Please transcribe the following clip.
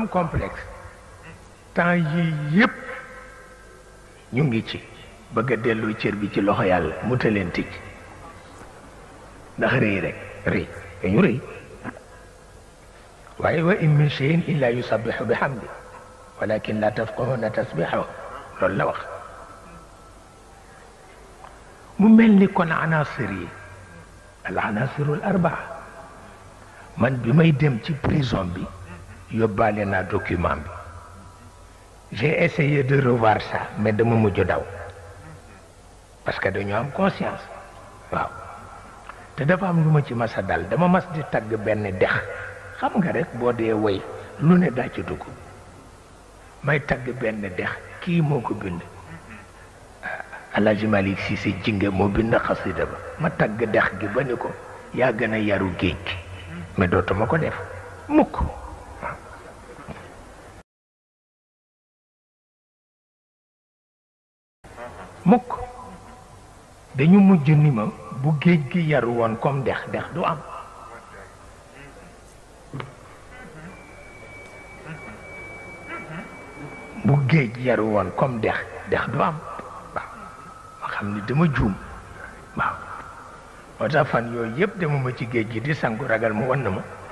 am complexe tan yi yep ñu ngi ci bëgg a dellu cër bi ci loxo yàlla mu teleen tëj ndax reey rek reey rëy ñu reey waaye wa in min shayin illa yusabbihu bihamdi walakin la tafqahuna tasbihu loolu la wax mu mel ni kon anasir yi al al arbaa man bi may dem ci prison bi dans le document j'ai essayé de revoir ça mais dama mujj daw parce que nous am conscience waaw te dafa am ma ci me dal dama mas di tag ben dex xam nga rek ne suis ci dugg may tag ben dex Malik Si si jinge mo bind xasida ba ma tag dex gi ba ko yaru mais mukk dañu mujj ni ma bu géej gi yaru woon comme dex dex du am bu géej yaru woon comme dex dex du am waaw ma xam ni dama juum waaw moo tax fan yooyu yëpp dama ma ci géej gi di sangu ragal mu wan na ma